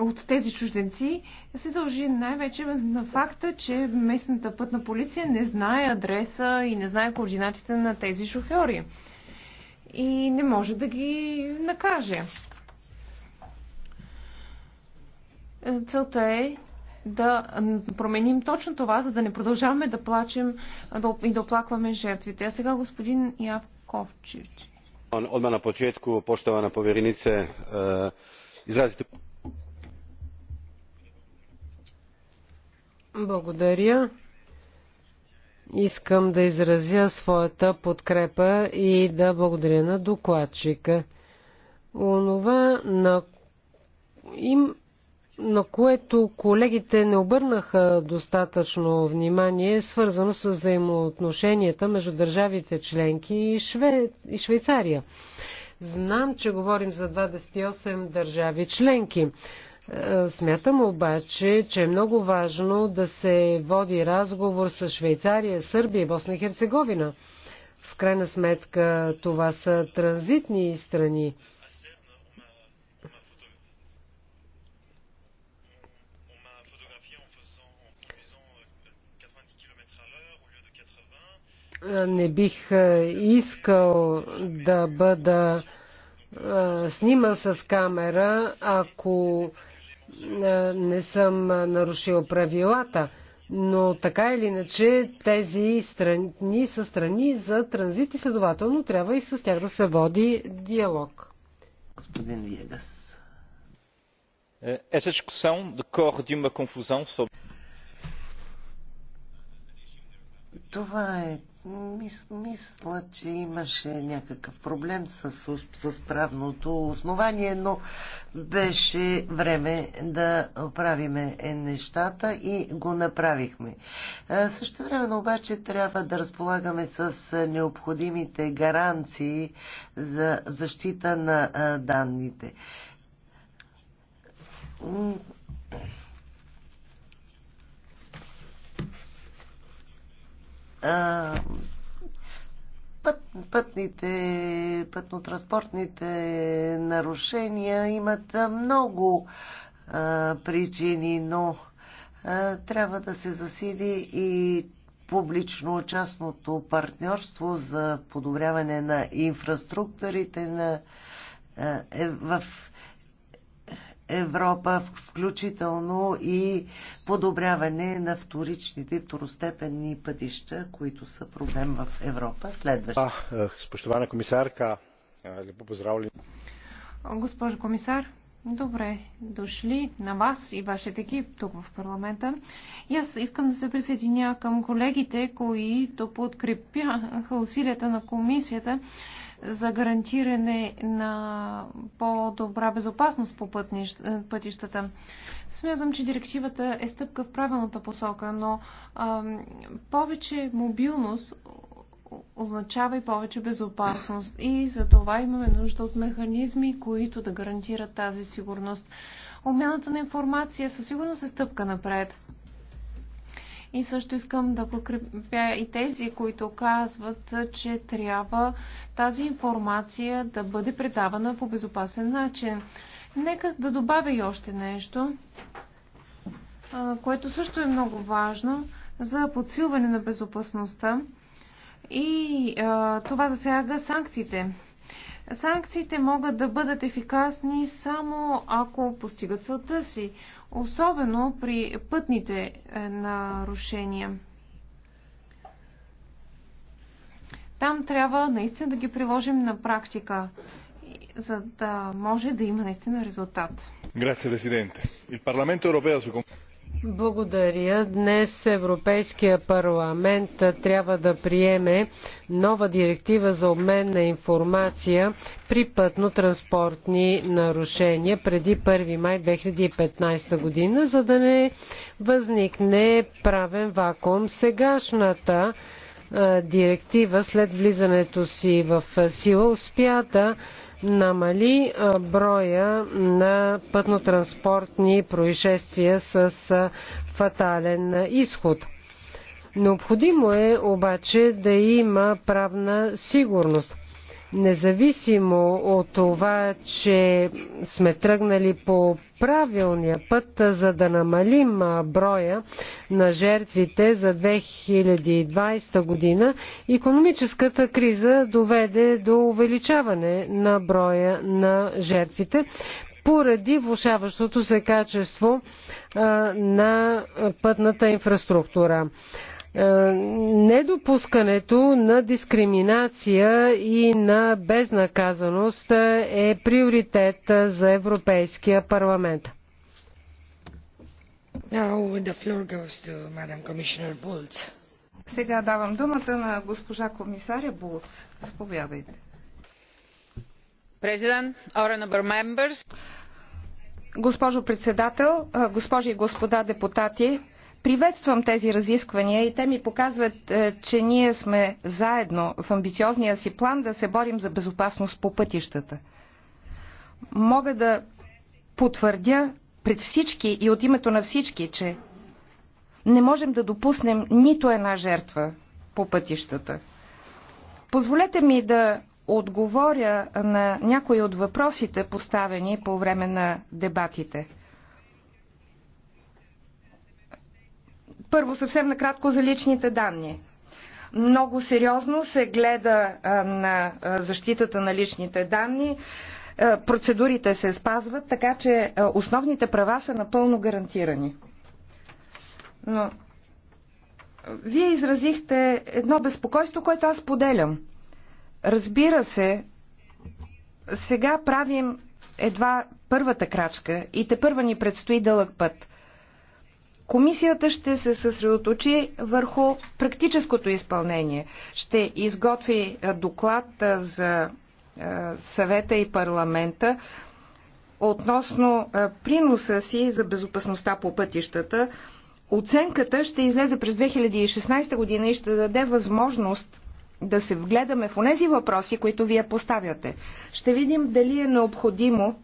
S2: от тези чужденци се дължи най-вече на факта, че местната пътна полиция не знае адреса и не знае координатите на тези шофьори. И не може да ги накаже. Целта е да променим точно това, за да не продължаваме да плачем и да оплакваме жертвите. А сега господин Явковчич.
S4: Отма на почетку, поштована povjerenice, е, изразите...
S3: Благодаря. Искам да изразя своята подкрепа и да благодаря на докладчика. Онова, на им, на което колегите не обърнаха достатъчно внимание, е свързано с взаимоотношенията между държавите членки и, Шве... и Швейцария. Знам, че говорим за 28 държави членки. Е, смятам обаче, че е много важно да се води разговор с Швейцария, Сърбия и Босна и Херцеговина. В крайна сметка това са транзитни страни. не бих е, искал да бъда е, сниман с камера, ако е, не съм нарушил правилата. Но така или иначе тези страни са страни за транзит и следователно трябва и с тях да се води диалог.
S1: Господин Виегас. Essa discussão
S4: decorre de uma confusão sobre.
S1: Това е. Мис, мисля, че имаше някакъв проблем с, с правното основание, но беше време да правиме е, нещата и го направихме. Е, Също време обаче трябва да разполагаме с е, необходимите гаранции за защита на данните. а, път, пътните, пътнотранспортните нарушения имат много а, причини, но а, трябва да се засили и публично-частното партньорство за подобряване на инфраструктурите на, а, е, в Европа, включително и подобряване на вторичните второстепенни пътища, които са проблем в Европа. Следващо. Е, спощована комисарка, е, лепо поздравли.
S2: Госпожо комисар, добре дошли на вас и вашите екип тук в парламента. И аз искам да се присъединя към колегите, които подкрепяха усилията на комисията за гарантиране на по-добра безопасност по пътищата. Смятам, че директивата е стъпка в правилната посока, но а, повече мобилност означава и повече безопасност. И за това имаме нужда от механизми, които да гарантират тази сигурност. Обмяната на информация със сигурност е стъпка напред. И също искам да подкрепя и тези, които казват, че трябва тази информация да бъде предавана по безопасен начин. Нека да добавя и още нещо, което също е много важно за подсилване на безопасността. И а, това засяга санкциите. Санкциите могат да бъдат ефикасни само ако постигат целта си особено при пътните е, нарушения. Там трябва наистина да ги приложим на практика, за да може да има наистина резултат.
S5: Grazie Presidente. Il Parlamento
S4: europeo su...
S3: Благодаря. Днес Европейския парламент трябва да приеме нова директива за обмен на информация при пътно-транспортни нарушения преди 1 май 2015 година, за да не възникне правен вакуум. Сегашната директива след влизането си в сила успята да намали броя на пътно-транспортни происшествия с фатален изход. Необходимо е обаче да има правна сигурност. Независимо от това, че сме тръгнали по правилния път, за да намалим броя на жертвите за 2020 година, економическата криза доведе до увеличаване на броя на жертвите поради влушаващото се качество на пътната инфраструктура. Е, недопускането на дискриминация и на безнаказаност е приоритет за Европейския парламент.
S5: Сега давам думата на госпожа комисаря Булц. Заповядайте. Госпожо председател, госпожи и господа депутати, Приветствам тези разисквания и те ми показват, е, че ние сме заедно в амбициозния си план да се борим за безопасност по пътищата. Мога да потвърдя пред всички и от името на всички, че не можем да допуснем нито една жертва по пътищата. Позволете ми да отговоря на някои от въпросите, поставени по време на дебатите – Първо, съвсем накратко за личните данни. Много сериозно се гледа на защитата на личните данни. Процедурите се спазват, така че основните права са напълно гарантирани. Но вие изразихте едно безпокойство, което аз поделям. Разбира се, сега правим едва първата крачка и те първа ни предстои дълъг път. Комисията ще се съсредоточи върху практическото изпълнение. Ще изготви доклад за съвета и парламента относно приноса си за безопасността по пътищата. Оценката ще излезе през 2016 година и ще даде възможност да се вгледаме в тези въпроси, които вие поставяте. Ще видим дали е необходимо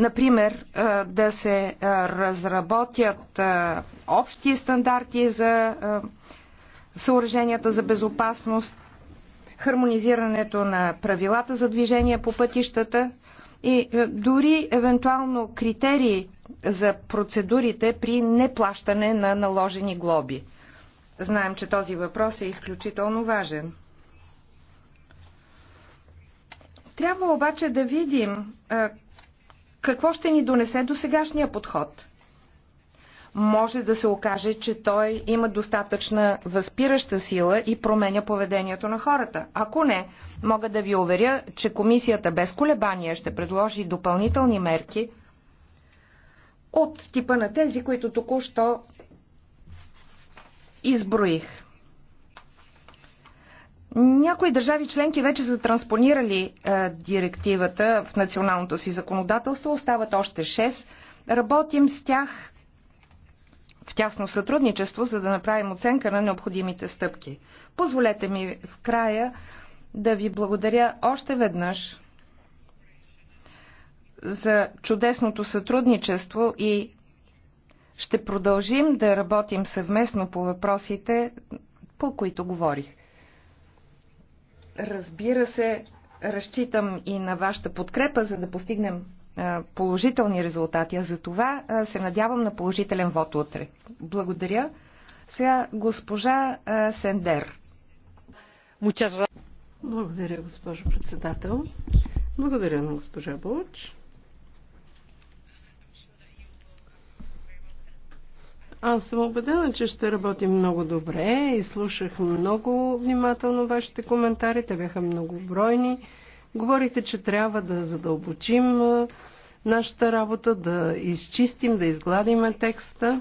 S5: Например, да се разработят общи стандарти за съоръженията за безопасност, хармонизирането на правилата за движение по пътищата и дори евентуално критерии за процедурите при неплащане на наложени глоби. Знаем, че този въпрос е изключително важен. Трябва обаче да видим какво ще ни донесе до сегашния подход? Може да се окаже, че той има достатъчна възпираща сила и променя поведението на хората. Ако не, мога да ви уверя, че комисията без колебания ще предложи допълнителни мерки от типа на тези, които току-що изброих. Някои държави членки вече са транспонирали а, е, директивата в националното си законодателство, остават още 6. Работим с тях в тясно сътрудничество, за да направим оценка на необходимите стъпки. Позволете ми в края да ви благодаря още веднъж за чудесното сътрудничество и ще продължим да работим съвместно по въпросите, по които говорих. Разбира се, разчитам и на вашата подкрепа, за да постигнем положителни резултати, а за това се надявам на положителен вод утре. Благодаря. Сега госпожа Сендер.
S4: Благодаря, госпожо председател. Благодаря на госпожа Булч. Аз съм убедена, че ще работим много добре и слушах много внимателно вашите коментари. Те бяха многобройни. Говорите, че трябва да задълбочим нашата работа, да изчистим, да изгладим текста.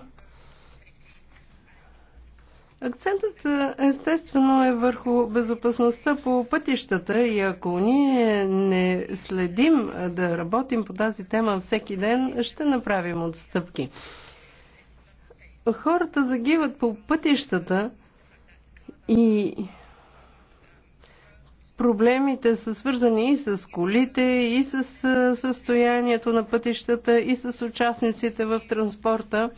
S4: Акцентът естествено е върху безопасността по пътищата и ако ние не следим да работим по тази тема всеки ден, ще направим отстъпки хората загиват по пътищата и проблемите са свързани и с колите, и с състоянието на пътищата, и с участниците в транспорта.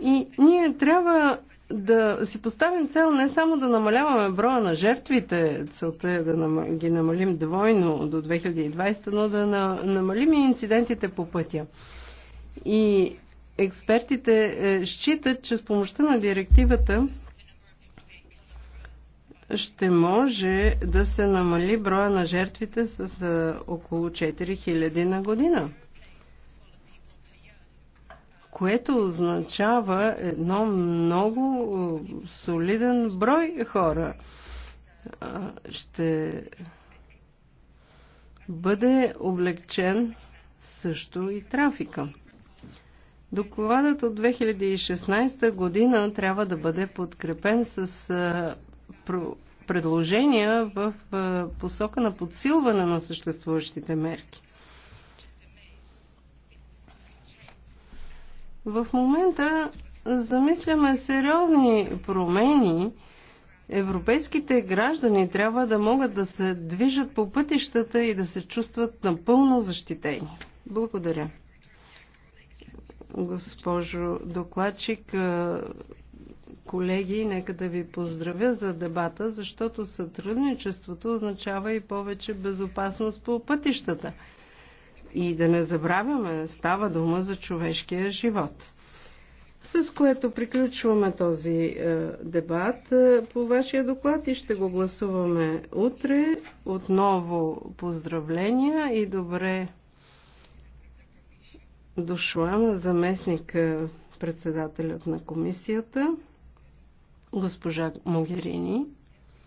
S4: И ние трябва да си поставим цел не само да намаляваме броя на жертвите, целта е да ги намалим двойно до 2020, но да намалим и инцидентите по пътя. И експертите е, считат, че с помощта на директивата ще може да се намали броя на жертвите с е, около 4000 на година. Което означава едно много е, солиден брой хора. Ще бъде облегчен също и трафика. Докладът от 2016 година трябва да бъде подкрепен с предложения в посока на подсилване на съществуващите мерки. В момента замисляме сериозни промени. Европейските граждани трябва да могат да се движат по пътищата и да се чувстват напълно защитени. Благодаря госпожо докладчик. Колеги, нека да ви поздравя за дебата, защото сътрудничеството означава и повече безопасност по пътищата. И да не забравяме, става дума за човешкия живот. С което приключваме този дебат по вашия доклад и ще го гласуваме утре. Отново поздравления и добре дошла на заместник е, председателят на комисията, госпожа Могерини.